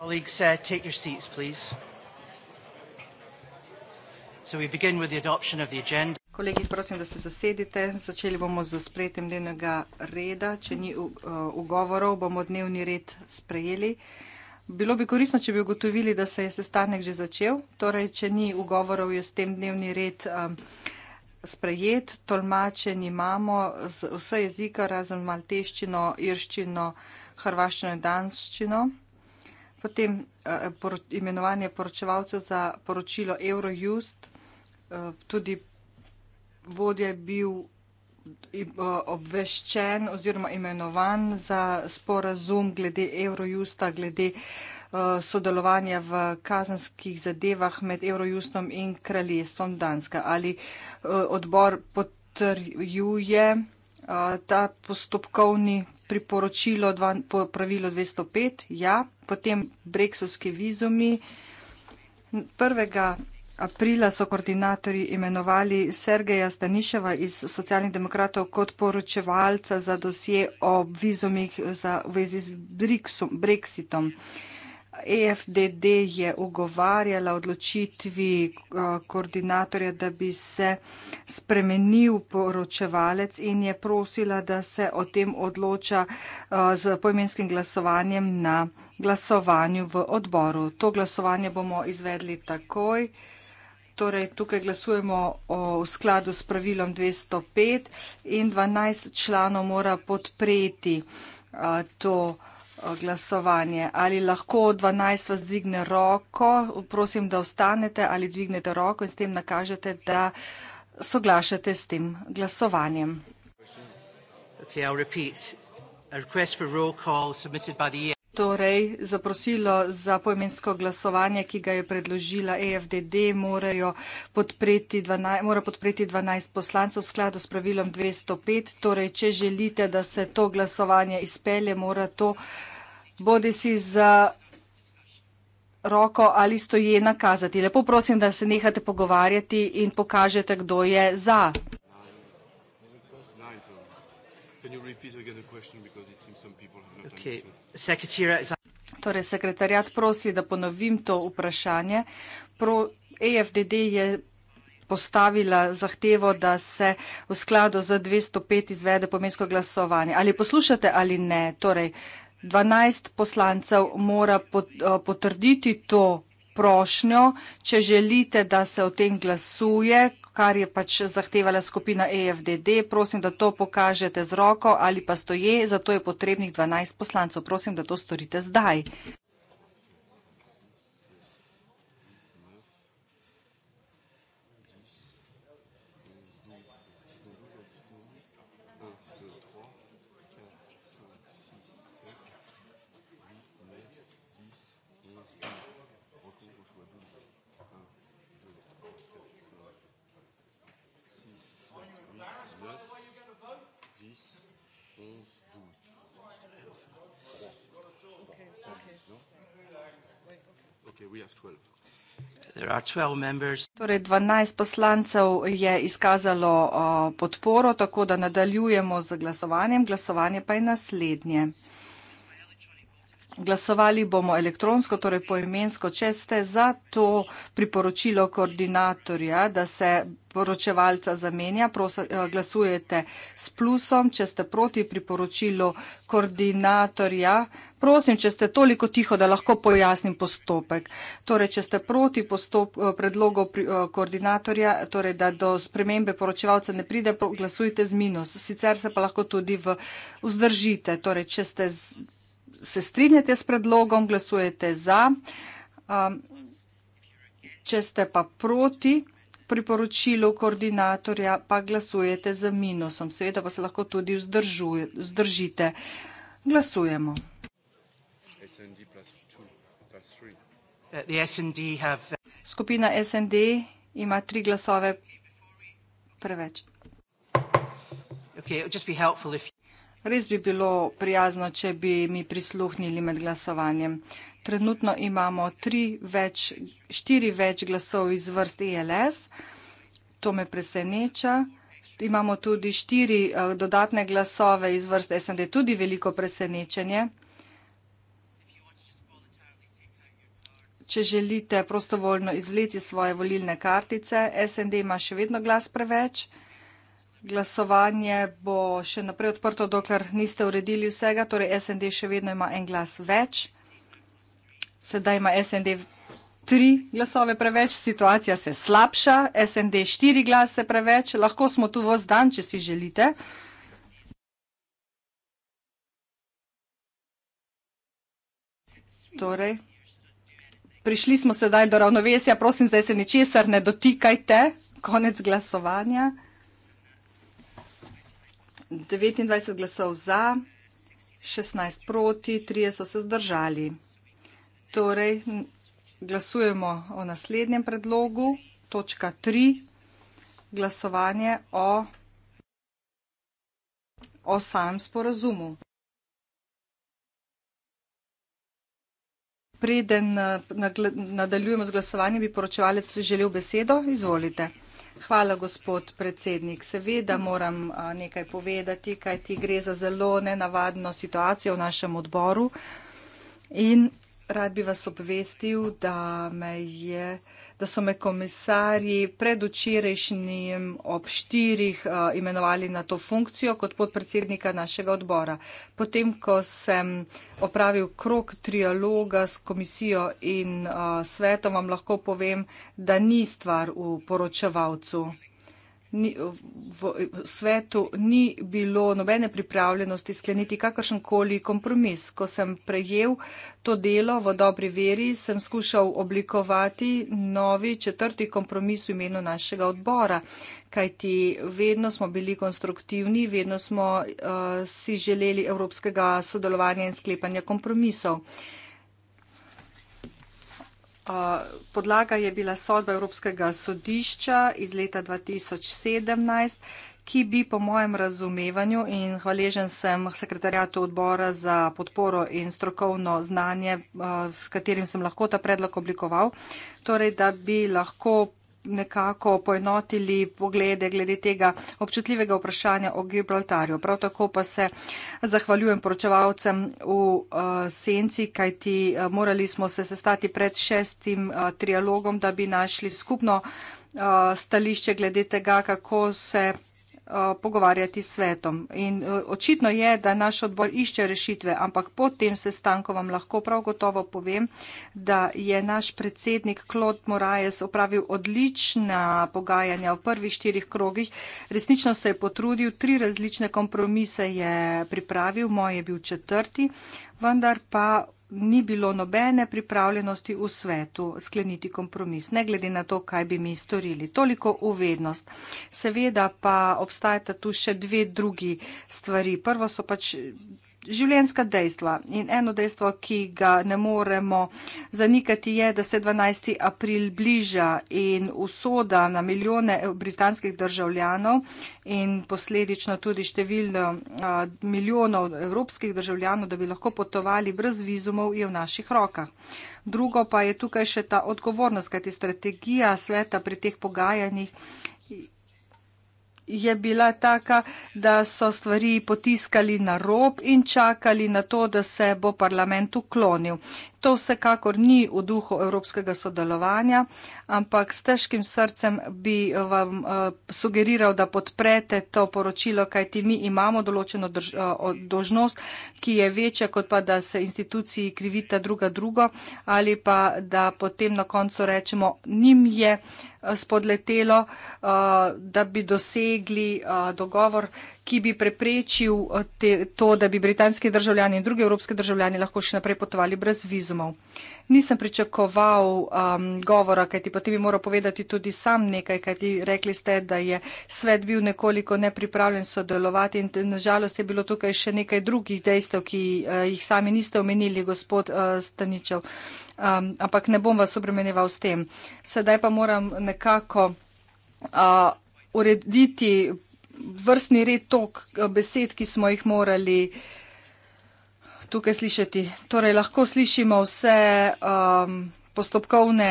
Colleagues, uh, take your seats, please. So we begin with the adoption of the agenda. Kolegi, prosim, da se zasedite. Začeli bomo z sprejetjem dnevnega reda. Če ni uh, ugovorov, bomo dnevni red sprejeli. Bilo bi korisno, če bi ugotovili, da se je sestanek že začel. Torej, če ni ugovorov, je s tem dnevni red um, sprejet. Tolmačen imamo vse jezika, razen malteščino, irščino, hrvaščino in danščino. Potem eh, imenovanje poročevalcev za poročilo Eurojust, eh, tudi vodja je bil eh, obveščen oziroma imenovan za sporazum glede Eurojusta, glede sodelovanja v kazanskih zadevah med Eurojustom in kraljestvom Danska. Ali odbor potrjuje ta postopkovni priporočilo, dva, pravilo 205, ja, potem breksovski vizumi. 1. aprila so koordinatorji imenovali Sergeja Staniševa iz socialnih demokratov kot poročevalca za dosje o vizumih za, v vezi z Brexitom. Breksu, EFDD je ugovarjala odločitvi eh, koordinatorja, da bi se spremenil poročevalec in je prosila, da se o tem odloča eh, z poimenskim glasovanjem na glasovanju v odboru. To glasovanje bomo izvedli takoj. Torej, tukaj glasujemo v skladu s pravilom 205 in 12 članov mora podpreti eh, to odločitev. Eh, glasovanje. Ali lahko 12 vas dvigne roko, prosim, da ostanete ali dvignete roko in s tem nakažete, da soglašate s tem glasovanjem. Okay, torej zaprosilo za poimensko glasovanje, ki ga je predložila EFDD, podpreti 12, mora podpreti 12 poslancev v skladu s pravilom 205. Torej, če želite, da se to glasovanje izpelje, mora to bodi si z roko ali stoje nakazati. Lepo prosim, da se nehate pogovarjati in pokažete, kdo je za. repeat again the question because it seems some people have not okay. understood. Is torej, sekretariat prosi, da ponovim to vprašanje. Pro AFDD je postavila zahtevo, da se v skladu z 205 izvede pomensko glasovanje. Ali poslušate ali ne? Torej, 12 poslancev mora eh, potrditi to prošnjo, če želite, da se o tem glasuje, kar je pač zahtevala skupina EFDD. Prosim, da to pokažete z roko ali pa stoje, zato je potrebnih 12 poslancev. Prosim, da to storite zdaj. Torej, 12 poslancev je izkazalo podporo, tako da nadaljujemo z glasovanjem. Glasovanje pa je naslednje. Glasovali bomo elektronsko, torej poimensko, če ste za to priporočilo koordinatorja, da se poročevalca zamenja, eh, glasujete s plusom, če ste proti priporočilu koordinatorja. Prosim, če ste toliko tiho, da lahko pojasnim postopek. Torej, če ste proti postop, eh, predlogu pri, eh, koordinatorja, torej, da do spremembe poročevalca ne pride, glasujte z minus. Sicer se pa lahko tudi v, vzdržite. Torej, če ste se strinjate s predlogom, glasujete za. Um, če ste pa proti priporočilu koordinatorja, pa glasujete za minusom. Seveda pa se lahko tudi vzdržite. Glasujemo. Uh, uh, Skupina SND ima tri glasove preveč. Okay, Res bi bilo prijazno, če bi mi prisluhnili med glasovanjem. Trenutno imamo več, štiri več glasov iz vrst ELS, to me preseneča. Imamo tudi štiri eh, dodatne glasove iz vrst SND, tudi veliko presenečenje. Če želite prostovoljno izvleci svoje volilne kartice, SND ima še vedno glas preveč. Glasovanje bo še naprej odprto, dokler niste uredili vsega, torej SND še vedno ima en glas več. Sedaj ima SND tri glasove preveč, situacija se slabša, SND štiri glase preveč, lahko smo tu v zdan, če si želite. Torej, prišli smo sedaj do ravnovesja, prosim, zdaj se ničesar ne dotikajte, konec glasovanja. 29 glasov za, 16 proti, 3 so se vzdržali. Torej, glasujemo o naslednjem predlogu, točka 3, glasovanje o, o samem sporazumu. Preden eh, nadaljujemo z glasovanjem, bi poročevalec želel besedo. Izvolite. Hvala, gospod predsednik. Seveda moram nekaj povedati, kaj ti gre za zelo nenavadno situacijo v našem odboru. In rad bi vas obvestil, da me je da so me komisarji predvčerajšnjim ob štirih eh, imenovali na to funkcijo kot podpredsednika našega odbora. Potem, ko sem opravil krok trialoga s komisijo in eh, svetom, vam lahko povem, da ni stvar v poročevalcu ni, v, v svetu ni bilo nobene pripravljenosti skleniti kakršen koli kompromis. Ko sem prejel to delo v dobri veri, sem skušal oblikovati novi četrti kompromis v imenu našega odbora. Kajti vedno smo bili konstruktivni, vedno smo uh, si želeli evropskega sodelovanja in sklepanja kompromisov. Uh, Uh, podlaga je bila sodba Evropskega sodišča iz leta 2017, ki bi po mojem razumevanju in hvaležen sem sekretarjatu odbora za podporo in strokovno znanje, uh, s katerim sem lahko ta predlog oblikoval, torej da bi lahko nekako poenotili poglede glede tega občutljivega vprašanja o Gibraltarju. Prav tako pa se zahvaljujem poročevalcem v uh, senci, kajti uh, morali smo se sestati pred šestim uh, trialogom, da bi našli skupno uh, stališče glede tega, kako se Eh, pogovarjati s svetom. In eh, očitno je, da naš odbor išče rešitve, ampak po tem sestanku vam lahko prav gotovo povem, da je naš predsednik Klod Moraes opravil odlična pogajanja v prvih štirih krogih. Resnično se je potrudil, tri različne kompromise je pripravil, moj je bil četrti, vendar pa ni bilo nobene pripravljenosti v svetu skleniti kompromis, ne glede na to, kaj bi mi storili. Toliko uvednost. Seveda pa obstajata tu še dve drugi stvari. Prvo so pač življenjska dejstva. In eno dejstvo, ki ga ne moremo zanikati, je, da se 12. april bliža in usoda na milijone britanskih državljanov in posledično tudi številno milijonov evropskih državljanov, da bi lahko potovali brez vizumov, je v naših rokah. Drugo pa je tukaj še ta odgovornost, kajti strategija sveta pri teh pogajanjih je bila taka, da so stvari potiskali na rob in čakali na to, da se bo parlament uklonil. To vsekakor ni v duhu evropskega sodelovanja, ampak s težkim srcem bi vam eh, sugeriral, da podprete to poročilo, kajti mi imamo določeno eh, dožnost, ki je večja, kot pa da se instituciji krivita druga drugo ali pa da potem na koncu rečemo, njim je eh, spodletelo, da bi dosegli dogovor, ki bi preprečil eh, te, to, da bi britanski državljani in drugi evropski državljani lahko še naprej potovali brez vizumov. Nisem pričakoval um, govora, kajti potem bi moral povedati tudi sam nekaj, kajti rekli ste, da je svet bil nekoliko nepripravljen sodelovati in nažalost je bilo tukaj še nekaj drugih dejstev, ki uh, jih sami niste omenili, gospod uh, Staničev. Um, ampak ne bom vas obremenjeval s tem. Sedaj pa moram nekako uh, urediti vrstni red tok eh, besed, ki smo jih morali tukaj slišati. Torej, lahko slišimo vse um, postopkovne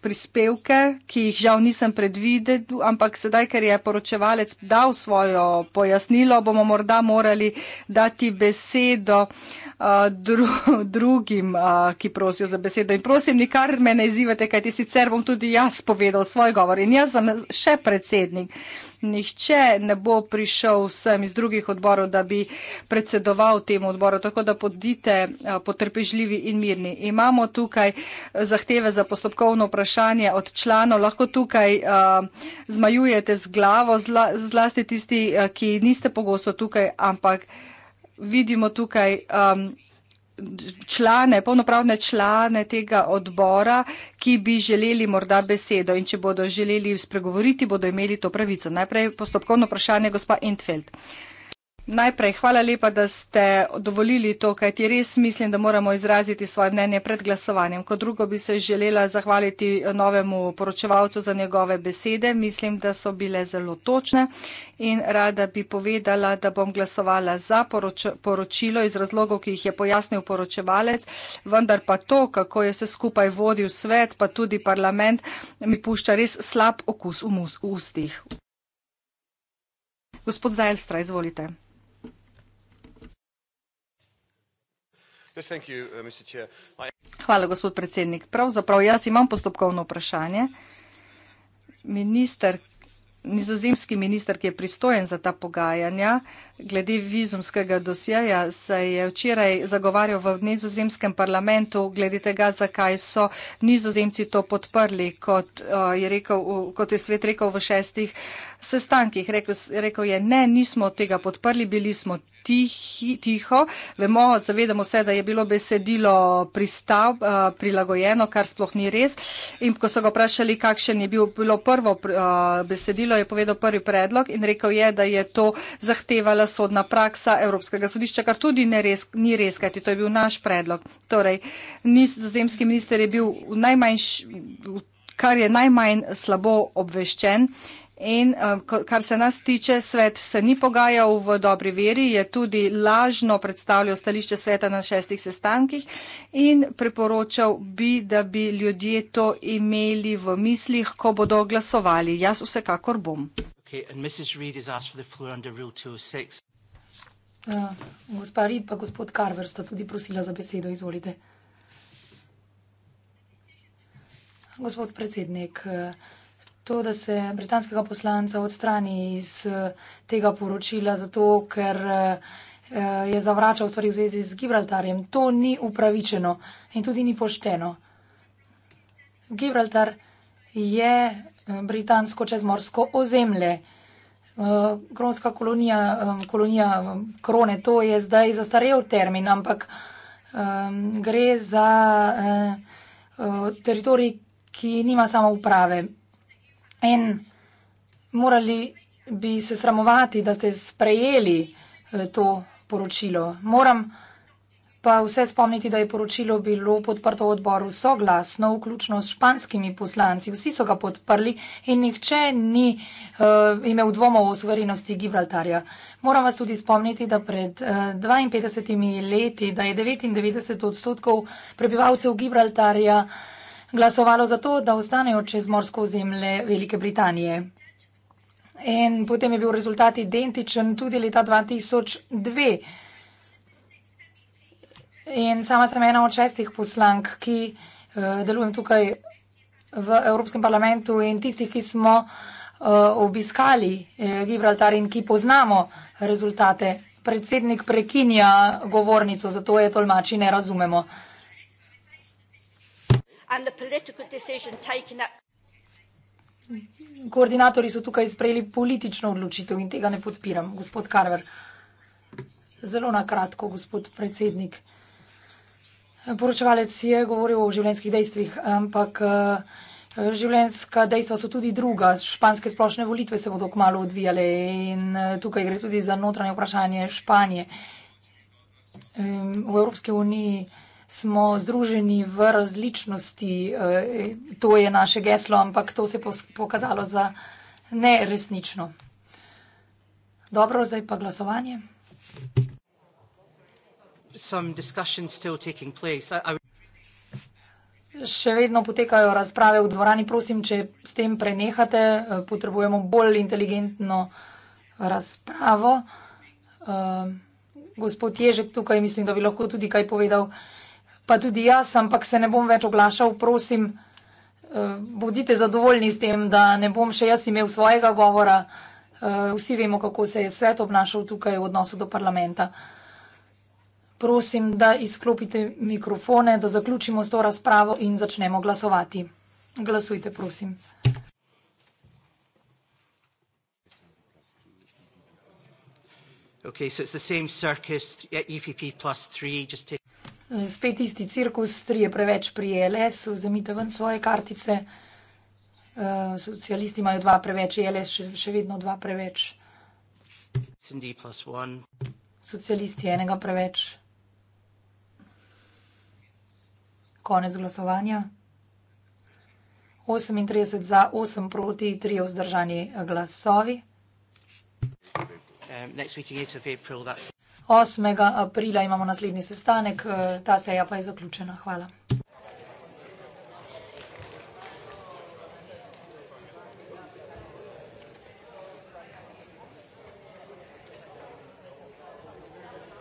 prispevke, ki jih žal nisem predvidel, ampak sedaj, ker je poročevalec dal svojo pojasnilo, bomo morda morali dati besedo uh, drugim, uh, ki prosijo za besedo. In prosim, nikar me ne izzivate, kaj ti sicer bom tudi jaz povedal svoj govor. In jaz sem še predsednik. Nihče ne bo prišel sem iz drugih odborov, da bi predsedoval temu odboru, tako da podite uh, potrpežljivi in mirni. Imamo tukaj zahteve za postopkovno vprašanje vprašanje od članov, lahko tukaj uh, zmajujete z glavo, zla, zlasti tisti, uh, ki niste pogosto tukaj, ampak vidimo tukaj um, člane, polnopravne člane tega odbora, ki bi želeli morda besedo in če bodo želeli spregovoriti, bodo imeli to pravico. Najprej postopkovno vprašanje, gospa Entfeld. Uh, Najprej hvala lepa, da ste dovolili to, kaj ti res mislim, da moramo izraziti svoje mnenje pred glasovanjem. Kot drugo bi se želela zahvaliti novemu poročevalcu za njegove besede. Mislim, da so bile zelo točne in rada bi povedala, da bom glasovala za poroč poročilo iz razlogov, ki jih je pojasnil poročevalec, vendar pa to, kako je se skupaj vodil svet, pa tudi parlament, mi pušča res slab okus v ustih. Gospod Zajlstra, izvolite. Uh, Hvala, gospod predsednik. Pravzaprav jaz imam postopkovno vprašanje. Minister, nizozemski minister, ki je pristojen za ta pogajanja, glede vizumskega dosjeja, se je včeraj zagovarjal v nizozemskem parlamentu glede tega, zakaj so nizozemci to podprli, kot uh, je, rekel, kot je svet rekel v šestih sestankih. Rekl, rekel je, ne, nismo tega podprli, bili smo tihi, tiho. Vemo, zavedamo se, da je bilo besedilo pristav, uh, eh, prilagojeno, kar sploh ni res. In ko so ga vprašali, kakšen je bil, bilo prvo uh, besedilo, je povedal prvi predlog in rekel je, da je to zahtevala sodna praksa Evropskega sodišča, kar tudi res, ni res, kajti to je bil naš predlog. Torej, nizozemski minister je bil najmanjši kar je najmanj slabo obveščen In eh, kar se nas tiče, svet se ni pogajal v dobri veri, je tudi lažno predstavljal stališče sveta na šestih sestankih in priporočal bi, da bi ljudje to imeli v mislih, ko bodo glasovali. Jaz vsekakor bom. Okay, Uh, gospa Rid, pa gospod Karver sta tudi prosila za besedo. Izvolite. Gospod predsednik, uh, to, da se britanskega poslanca odstrani iz eh, tega poročila, zato ker eh, eh, je zavračal stvari v zvezi z Gibraltarjem. To ni upravičeno in tudi ni pošteno. Gibraltar je britansko čezmorsko ozemlje. Kronska kolonija, kolonija krone, to je zdaj zastarel termin, ampak gre za teritorij, ki nima samo uprave. In morali bi se sramovati, da ste sprejeli eh, to poročilo. Moram pa vse spomniti, da je poročilo bilo podprto v odboru soglasno, vključno s španskimi poslanci. Vsi so ga podprli in nihče ni uh, imel dvomov o suverenosti Gibraltarja. Moram vas tudi spomniti, da pred uh, eh, 52 leti, da je 99 odstotkov prebivalcev Gibraltarja uh, glasovalo za to, da ostanejo čez morsko ozemlje Velike Britanije. In potem je bil rezultat identičen tudi leta 2002. In sama sem ena od šestih poslank, ki eh, delujem tukaj v Evropskem parlamentu in tistih, ki smo eh, obiskali eh, Gibraltar in ki poznamo rezultate. Predsednik prekinja govornico, zato je tolmači ne razumemo and the political decision taken at Koordinatorji so tukaj sprejeli politično odločitev in tega ne podpiram. Gospod Karver, zelo na kratko, gospod predsednik. Poročevalec je govoril o življenjskih dejstvih, ampak eh, življenjska dejstva so tudi druga. Španske splošne volitve se bodo kmalo odvijale in eh, tukaj gre tudi za notranje vprašanje Španije. Ehm, v Evropske uniji smo združeni v različnosti. Eh, to je naše geslo, ampak to se je pokazalo za neresnično. Dobro, zdaj pa glasovanje. Še vedno potekajo razprave v dvorani. Prosim, če s tem prenehate, eh, potrebujemo bolj inteligentno razpravo. Uh, gospod Ježek tukaj mislim, da bi lahko tudi kaj povedal. Uh, pa tudi jaz, ampak se ne bom več oglašal, prosim, eh, bodite zadovoljni s tem, da ne bom še jaz imel svojega govora. Eh, vsi vemo, kako se je svet obnašal tukaj v odnosu do parlamenta. Prosim, da izklopite mikrofone, da zaključimo s to razpravo in začnemo glasovati. Glasujte, prosim. Okay, so it's the same circus, EPP e plus three, just take spet isti cirkus, tri je preveč pri LS, vzemite ven svoje kartice. Eh, socialisti imajo dva preveč, LS še, še vedno dva preveč. Socialisti enega preveč. Konec glasovanja. 38 za, 8 proti, 3 vzdržani glasovi. Um, next meeting 8th of April, that's... 8. aprila imamo naslednji sestanek, eh, ta seja pa je zaključena. Hvala.